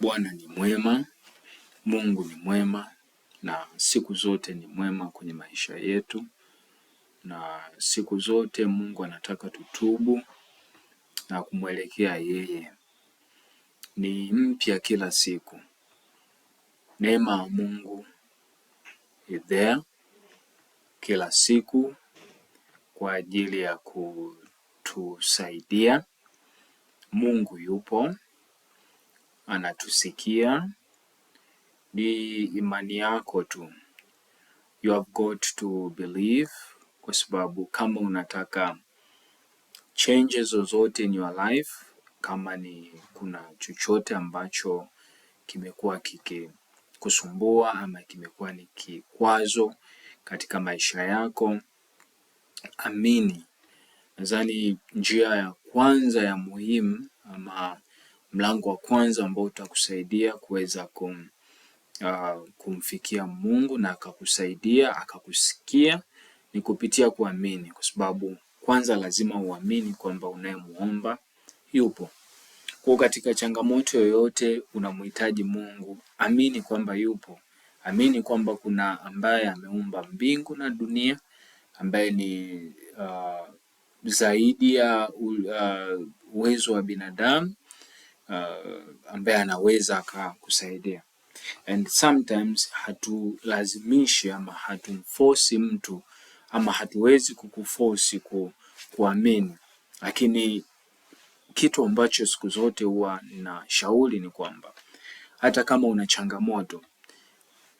Bwana ni mwema, Mungu ni mwema na siku zote ni mwema kwenye maisha yetu, na siku zote Mungu anataka tutubu na kumwelekea yeye. Ni mpya kila siku. Neema ya Mungu is there kila siku kwa ajili ya kutusaidia. Mungu yupo anatusikia. Ni imani yako tu, you have got to believe, kwa sababu kama unataka changes zozote in your life, kama ni kuna chochote ambacho kimekuwa kikikusumbua ama kimekuwa ni kikwazo katika maisha yako, amini. Nadhani njia ya kwanza ya muhimu ama mlango wa kwanza ambao utakusaidia kuweza kum, uh, kumfikia Mungu na akakusaidia akakusikia ni kupitia kuamini, kwa sababu kwanza lazima uamini kwamba unayemuomba yupo. Kwa katika changamoto yoyote unamhitaji Mungu, amini kwamba yupo, amini kwamba kuna ambaye ameumba mbingu na dunia, ambaye ni uh, zaidi ya ah, uwezo wa binadamu uh, ambaye anaweza akakusaidia. And sometimes hatulazimishi ama hatumfosi mtu ama hatuwezi kukufosi ku, kuamini, lakini kitu ambacho siku zote huwa na shauri ni kwamba hata kama una changamoto,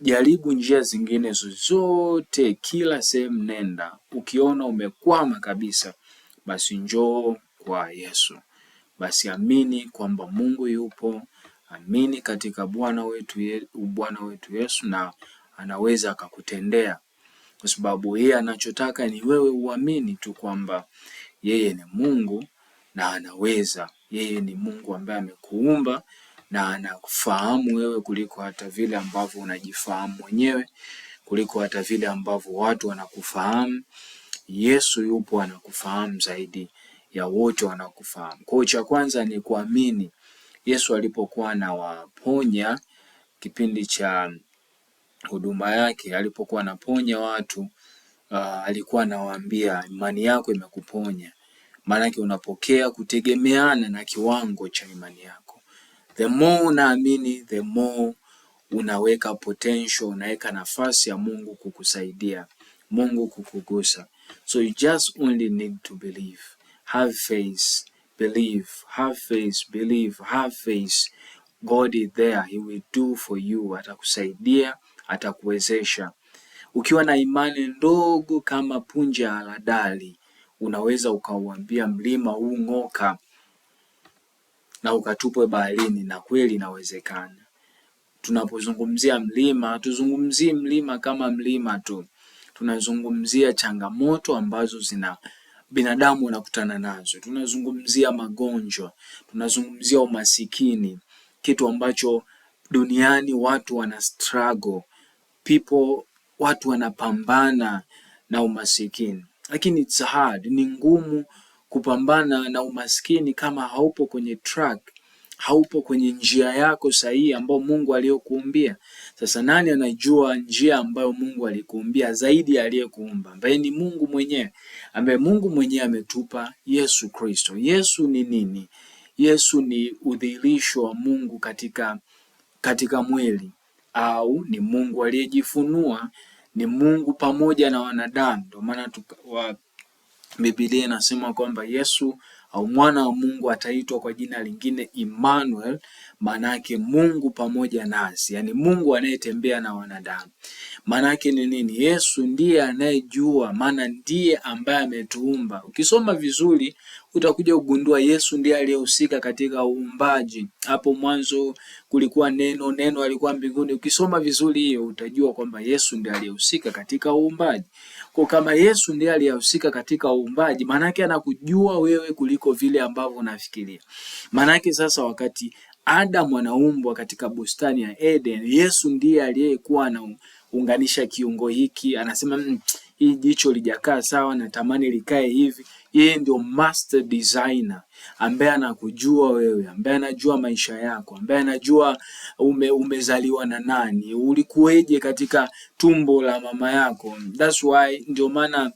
jaribu njia zingine zozote, kila sehemu nenda. Ukiona umekwama kabisa, basi njoo kwa Yesu. Basi amini kwamba Mungu yupo, amini katika Bwana wetu Bwana wetu Yesu na anaweza akakutendea, kwa sababu yeye anachotaka ni wewe uamini tu kwamba yeye ni Mungu na anaweza. Yeye ni Mungu ambaye amekuumba na anakufahamu wewe kuliko hata vile ambavyo unajifahamu mwenyewe, kuliko hata vile ambavyo watu wanakufahamu. Yesu yupo anakufahamu zaidi ya wote wanaokufahamu. Kwa cha kwanza ni kuamini Yesu alipokuwa anawaponya kipindi cha huduma yake, alipokuwa anaponya watu uh, alikuwa anawaambia imani yako imekuponya. Maanake unapokea kutegemeana na kiwango cha imani yako. The more unaamini, the more unaweka potential, unaweka nafasi ya Mungu kukusaidia, Mungu kukugusa. So you just only need to believe. Have faith. Believe. Have faith. Believe. Have faith. God is there. He will do for you. Atakusaidia, atakuwezesha. Ukiwa na imani ndogo kama punje ya haradali, unaweza ukauambia mlima huu ng'oka na ukatupwe baharini, na kweli inawezekana. Tunapozungumzia mlima, tuzungumzie mlima kama mlima tu, tunazungumzia changamoto ambazo zina binadamu wanakutana nazo. Tunazungumzia magonjwa, tunazungumzia umasikini, kitu ambacho duniani watu wana struggle people, watu wanapambana na umasikini, lakini it's hard, ni ngumu kupambana na umasikini kama haupo kwenye track, haupo kwenye njia yako sahihi ambayo Mungu aliyokuumbia. Sasa nani anajua njia ambayo Mungu alikuumbia zaidi ya aliyekuumba ambaye ni Mungu mwenyewe, ambaye Mungu mwenyewe ametupa Yesu Kristo. Yesu ni nini? Yesu ni udhihirisho wa Mungu katika, katika mwili au ni Mungu aliyejifunua, ni Mungu pamoja na wanadamu. Ndio maana Biblia inasema kwamba Yesu au mwana wa Mungu ataitwa kwa jina lingine Emmanuel, maana yake Mungu pamoja nasi, yaani Mungu anayetembea na wanadamu. Maana yake ni nini? Yesu ndiye anayejua, maana ndiye ambaye ametuumba. Ukisoma vizuri utakuja kugundua Yesu ndiye aliyehusika katika uumbaji. Hapo mwanzo kulikuwa neno, neno alikuwa mbinguni. Ukisoma vizuri hiyo utajua kwamba Yesu ndiye aliyehusika katika uumbaji. Kwa kama Yesu ndiye aliyehusika katika uumbaji, maana yake anakujua wewe kuliko kuliko vile ambavyo unafikiria. Maanake sasa wakati Adamu anaumbwa katika bustani ya Eden, Yesu ndiye aliyekuwa anaunganisha kiungo hiki, anasema mm, hii jicho lijakaa sawa, natamani likae hivi. Yeye ndio master designer ambaye anakujua wewe, ambaye anajua maisha yako, ambaye anajua ume, umezaliwa na nani, ulikuweje katika tumbo la mama yako. That's why ndio maana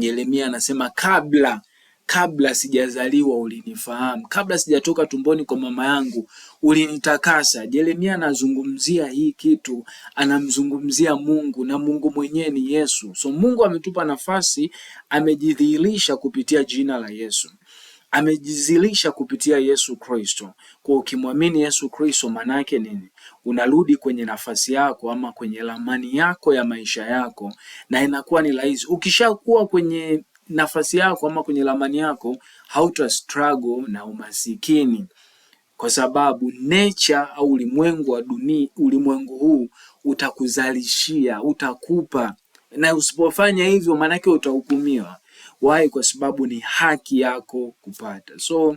Yeremia anasema kabla kabla sijazaliwa ulinifahamu, kabla sijatoka tumboni kwa mama yangu ulinitakasa. jeremia anazungumzia hii kitu, anamzungumzia Mungu na Mungu mwenyewe ni Yesu. So Mungu ametupa nafasi, amejidhihirisha kupitia jina la Yesu, amejizilisha kupitia Yesu Kristo. Kwa ukimwamini Yesu Kristo, maana yake nini? Unarudi kwenye nafasi yako ama kwenye ramani yako ya maisha yako, na inakuwa ni rahisi ukishakuwa kwenye nafasi yako ama kwenye ramani yako, hauta struggle na umasikini, kwa sababu nature au ulimwengu wa dunia, ulimwengu huu utakuzalishia, utakupa, na usipofanya hivyo maanake utahukumiwa. Why? Kwa sababu ni haki yako kupata. So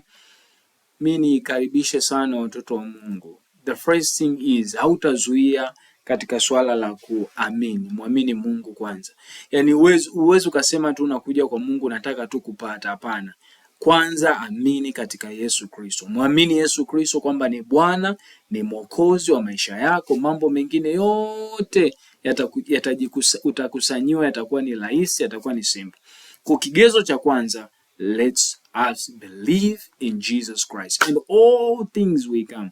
mi niikaribishe sana watoto wa Mungu, the first thing is hautazuia katika swala la kuamini. Mwamini Mungu kwanza, yaani uwezi ukasema tu unakuja kwa Mungu nataka tu kupata. Hapana, kwanza amini katika Yesu Kristo, mwamini Yesu Kristo kwamba ni Bwana, ni mwokozi wa maisha yako. Mambo mengine yote utakusanyiwa, yatakuwa ni rahisi, yatakuwa ni simple. Kwa kigezo cha kwanza, let's us believe in Jesus Christ and all things will come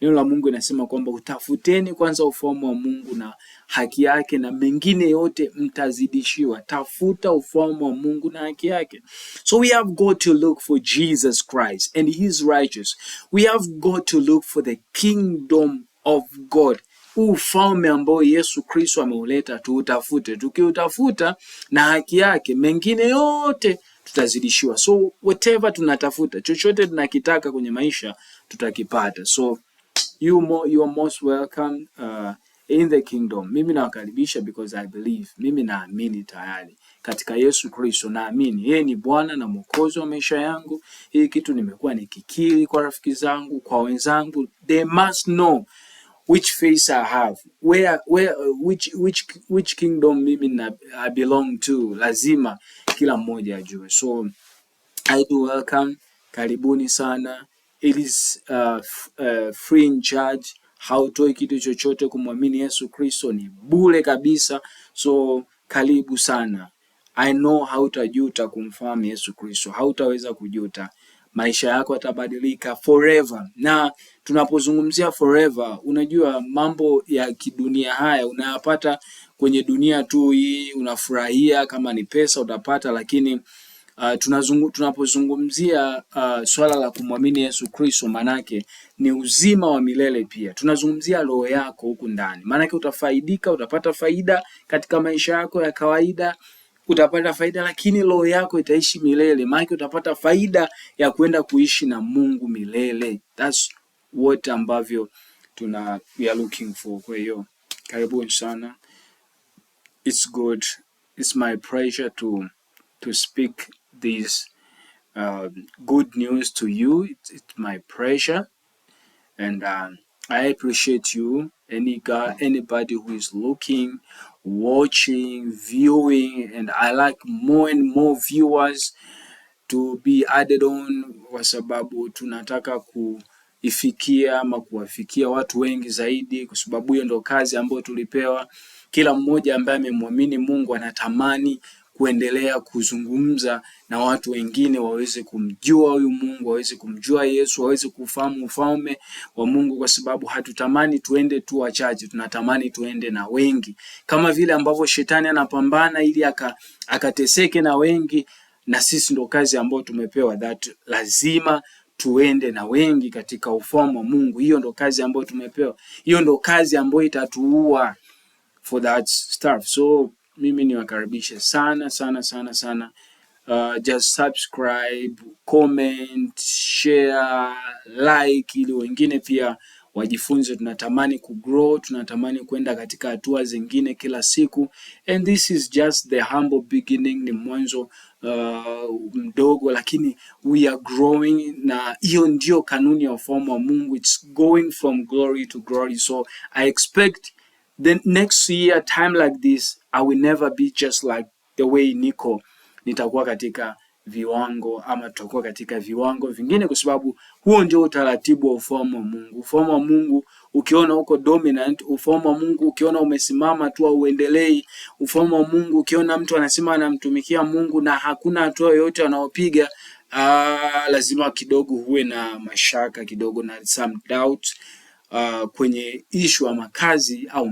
Neno la Mungu inasema kwamba utafuteni kwanza ufalme wa Mungu na haki yake, na mengine yote mtazidishiwa. Tafuta ufalme wa Mungu na haki yake. So we have got to look for Jesus Christ and his righteous. We have got to look for the kingdom of God. Huu ufalme ambao Yesu Kristo ameuleta tuutafute. Tukiutafuta na haki yake, mengine yote tutazidishiwa. So whatever tunatafuta, chochote tunakitaka kwenye maisha tutakipata. So you mo, you are most welcome uh, in the kingdom. Mimi nawakaribisha because I believe, mimi naamini tayari katika Yesu Kristo, naamini yeye ni Bwana na Mwokozi wa maisha yangu. Hii kitu nimekuwa nikikiri kwa rafiki zangu, kwa wenzangu, they must know which face I have where, where, which, which, which kingdom mimi na, I belong to. Lazima kila mmoja ajue, so I do welcome, karibuni sana. Ellis uh, uh, free in charge, hautoi kitu chochote. Kumwamini Yesu Kristo ni bure kabisa, so karibu sana. I know hautajuta kumfahamu Yesu Kristo, hautaweza kujuta. Maisha yako yatabadilika forever. Na tunapozungumzia forever, unajua mambo ya kidunia haya unayapata kwenye dunia tu hii, unafurahia kama ni pesa utapata, lakini Uh, tunazungu, tunapozungumzia uh, swala la kumwamini Yesu Kristo, manake ni uzima wa milele pia tunazungumzia roho yako huku ndani, maanake utafaidika, utapata faida katika maisha yako ya kawaida utapata faida, lakini roho yako itaishi milele, maanake utapata faida ya kwenda kuishi na Mungu milele. That's what ambavyo tuna we are looking for. Kwa hiyo karibuni sana, it's good, it's my pleasure to to speak this uh, good news to you. It's, it's my pleasure, and uh, I appreciate you. Any guy, anybody who is looking, watching, viewing, and I like more and more viewers to be added on, kwa sababu tunataka kuifikia ama kuwafikia watu wengi zaidi, kwa sababu hiyo ndo kazi ambayo tulipewa. Kila mmoja ambaye amemwamini Mungu anatamani kuendelea kuzungumza na watu wengine waweze kumjua huyu Mungu, waweze kumjua Yesu, waweze kufahamu ufalme wa Mungu, kwa sababu hatutamani tuende tu wachache, tunatamani tuende na wengi, kama vile ambavyo shetani anapambana ili aka, akateseke na wengi, na sisi ndo kazi ambayo tumepewa that lazima tuende na wengi katika ufalme wa Mungu. Hiyo ndo kazi ambayo tumepewa, hiyo ndo kazi ambayo itatuua for that stuff so mimi niwakaribishe sana sana sana sana. Uh, just subscribe, comment, share, like ili wengine pia wajifunze. Tunatamani kugrow, tunatamani kwenda katika hatua zingine kila siku, and this is just the humble beginning. Ni mwanzo uh, mdogo, lakini we are growing, na hiyo ndio kanuni ya ufalme wa Mungu. It's going from glory to glory, so I expect the next year time like this I will never be just like the way niko, nitakuwa katika viwango ama tutakuwa katika viwango vingine, kwa sababu huo ndio utaratibu wa ufalme wa Mungu. Ufalme wa Mungu ukiona uko dominant, ufalme wa Mungu ukiona umesimama tu auendelei, ufalme wa Mungu ukiona mtu anasema anamtumikia Mungu na hakuna hatua yoyote anaopiga, ah, lazima kidogo huwe na mashaka kidogo na some doubt, aa, ah, kwenye issue ya makazi au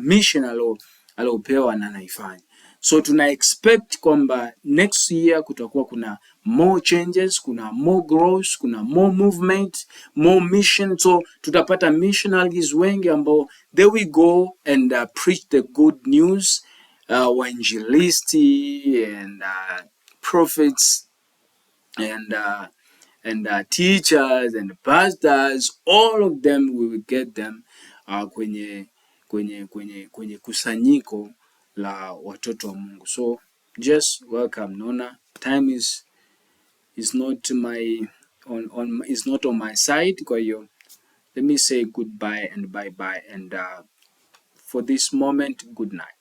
alo, aliopewa na anaifanya. So tuna expect kwamba next year kutakuwa kuna more changes, kuna more growth, kuna more movement, more mission. So tutapata missionaries wengi ambao they will go and uh, preach the good news uh, wainjilisti and uh, prophets and uh, and uh, teachers and pastors all of them we will get them uh, kwenye kwenye kusanyiko la watoto wa Mungu. So just welcome. Naona time is is not my on, on is not on my side, kwa hiyo let me say goodbye and bye bye and uh, for this moment good night.